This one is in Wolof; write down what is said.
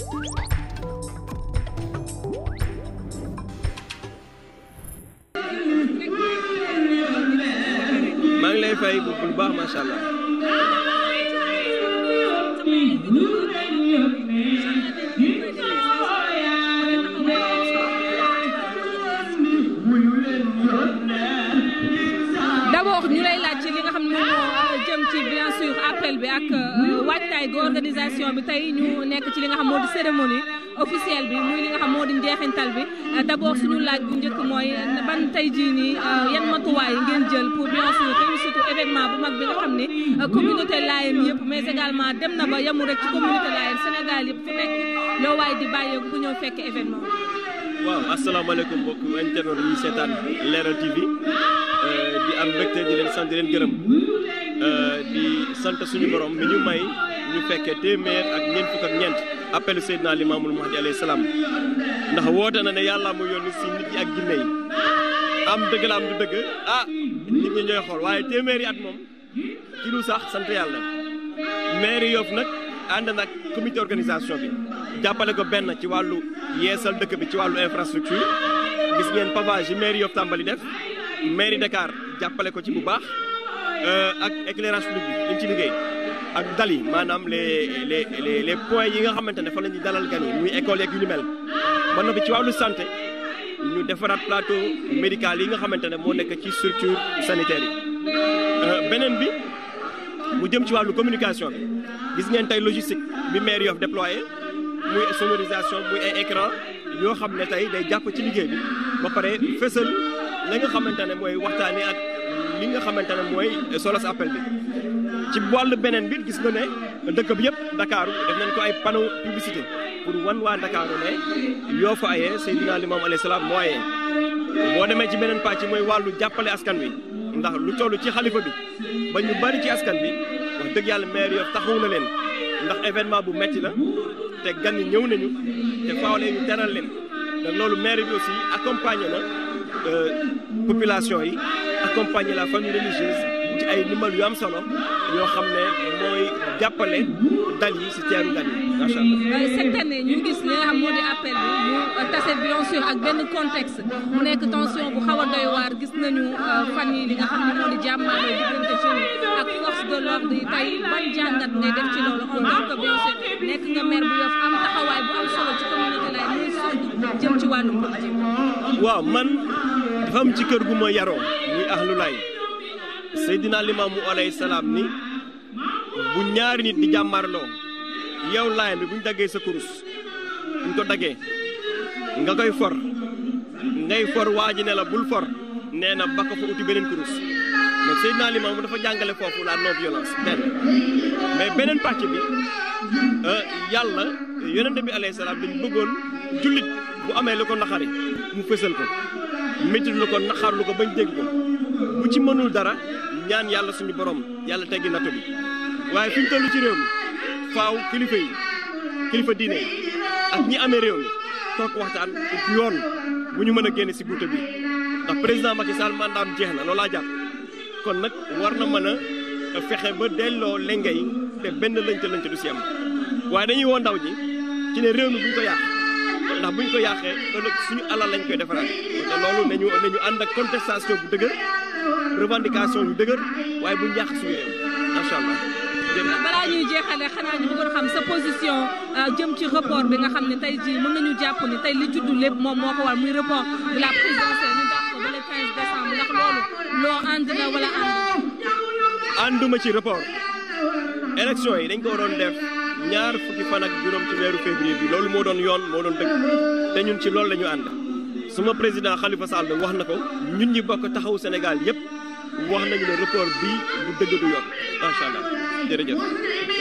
maa ngi lay fay bu baax macha allah ah, ci bien sûr appel bi ak euh, waajtaay gu organisation bi tey ñu nekk ci li nga xam moo di cérémonie officielle bi muy li nga xam moo di njeexintal bi euh, d'abord suñu laaj bu njëkk mooy ban tey jii nii euh, yan matuwaay ngeen jël pour bien sûr réussite événement bu mag bi nga xam ni communauté laayam yëpp mais également dem na ba yamu rek ci communauté laayam Sénégal yëpp fu nekk loo waay di bàyyeeku ku ñëw fekk événement waaw asalaamaaleykum mbokk internet yi seetaan Leral TV di am mbégte di leen sant di leen Euh, di sant suñu borom mi ñu may ñu fekkee téeméer ak ñeent fukk ak ñeent appelu Seydina Limaamul Mahdi alayhi salaam ndax woote na ne yàlla mu yónni si nit yi ak jinne yi am dëgg la am du dëgg ah nit ñi ñooy xool waaye téeméeri at moom ci lu sax sant yàlla mairie Yoff nag ànd nag comité organisation bi jàppale ko benn ci wàllu yeesal dëkk bi ci wàllu infrastructure gis ngeen pavage yi mairie Yoff tàmbali def mairie Dakar jàppale ko ci bu baax Euh, ak éclairage public bi liñ ci liggéey ak dali maanaam les les les les points yi nga xamante ne fa la ñuy dalal gan yi muy école yeeg yu ni mel ba noppi ci wàllu santé ñu defaraat plateau médical yi nga xamante ne moo nekk ci structure sanitaire euh, beneen bi mu jëm ci wàllu communication bi gis neen tey logistique bi maire Yoff déployé muy sonorisation muy ay yoo xam ne tey day jàpp ci liggéey bi ba pare fësal la nga xamante ne mooy waxtaanee ak. bi nga xamante ne mooy solos appel bi ci wàllu beneen bi gis nga ne dëkk bi yëpp ndakaaru def nañ ko ay panneau publicité pour wan waa Dakar ne yoo fa ayee Seydina Limaamu alayhi moo demee ci beneen pàcc mooy wàllu jàppale askan wi ndax lu toll ci xalifa bi ba ñu bari ci askan bi wax dëgg yàlla maire Yoff na leen ndax événement bu metti la te gan yi ñëw nañu te faawle ñu teral leen te loolu maire bi aussi accompagné na euh, population yi accompagner la famille religieuse ci ay ndimbal yu am solo yoo xam ne mooy jàppale dal yi si teeru gan yi macha allah. Euh, cette année ñu gis ne nga xam moo di appel bi mu tase bien sûr ak benn contexte mu nekk tension bu xaw a doy gis nañu euh, fan yi li nga xam ne moo di jàmmaarloo diggante jeunes ak force de l'ordre yi tey ban jàngat ngay def ci loolu en que bien sûr nekk nga maire bu Yoff am taxawaay bu am solo ci communauté lay muy surtout jëm ci wàllu waaw man dafa ci kër gu ma yaroo. mooy ahlulaay seydina limaamu alayhi salaam ni bu ñaari nit di jàmmarloo yow laay bi buñ daggee sa kurus buñ ko daggee nga koy for ngay for waa ji ne la bul for nee na ba ko fa uti beneen kurus mais seydina limaamu dafa jàngale foofu la non violence benn mais beneen pàcc bi euh, yàlla yonente bi alayhi salaam dañ bëggoon jullit bu amee lu ko naxari mu fësal ko métit lu ko naxar ko bañ dégg ko bu ci mënul dara ñaan yàlla suñu borom yàlla teggi nattu bi waaye fi ñu ci réew mi faaw kilifa yi kilifa diine ak ñi amee réew mi toog waxtaan ci yoon bu ñu mën a génne si guuta bi ndax président Macky Sall mandaam jeex na loolaa jàpp kon nag war na mën a fexe ba delloo lenge yi te benn lëñca lëñca du si am waaye dañuy woo ji ci ne réew mi bu ko yàq ndax buñ ko yàqee ëllëg suñu alal lañ koy defaraat te loolu nañu nañu ànd ak contestation bu dëgër revendication bu dëgër waaye buñ yàq suñu réew macha allah. balaa ñuy jeexale xanaa ñu bëggoon xam sa position euh, jëm ci report bi nga xam ne tey jii mën nañu jàpp ni tey li juddu lépp moom moo ko war muy report de la présidentielle ñu dàq ko ba le 15 décembre ndax loolu loo ànd na wala ànd. ànduma ci report élection yi dañ ko waroon def. ñaar fukki fan ak juróom ci weeru février bi loolu moo doon yoon moo doon dëgg te ñun ci loolu lañu ñu ànd suma président Khalifa Sall wax na ko ñun ñi bokk taxawu Sénégal yépp wax nañu ne report bii bu dëgg du yoon macha allah jërëjëf.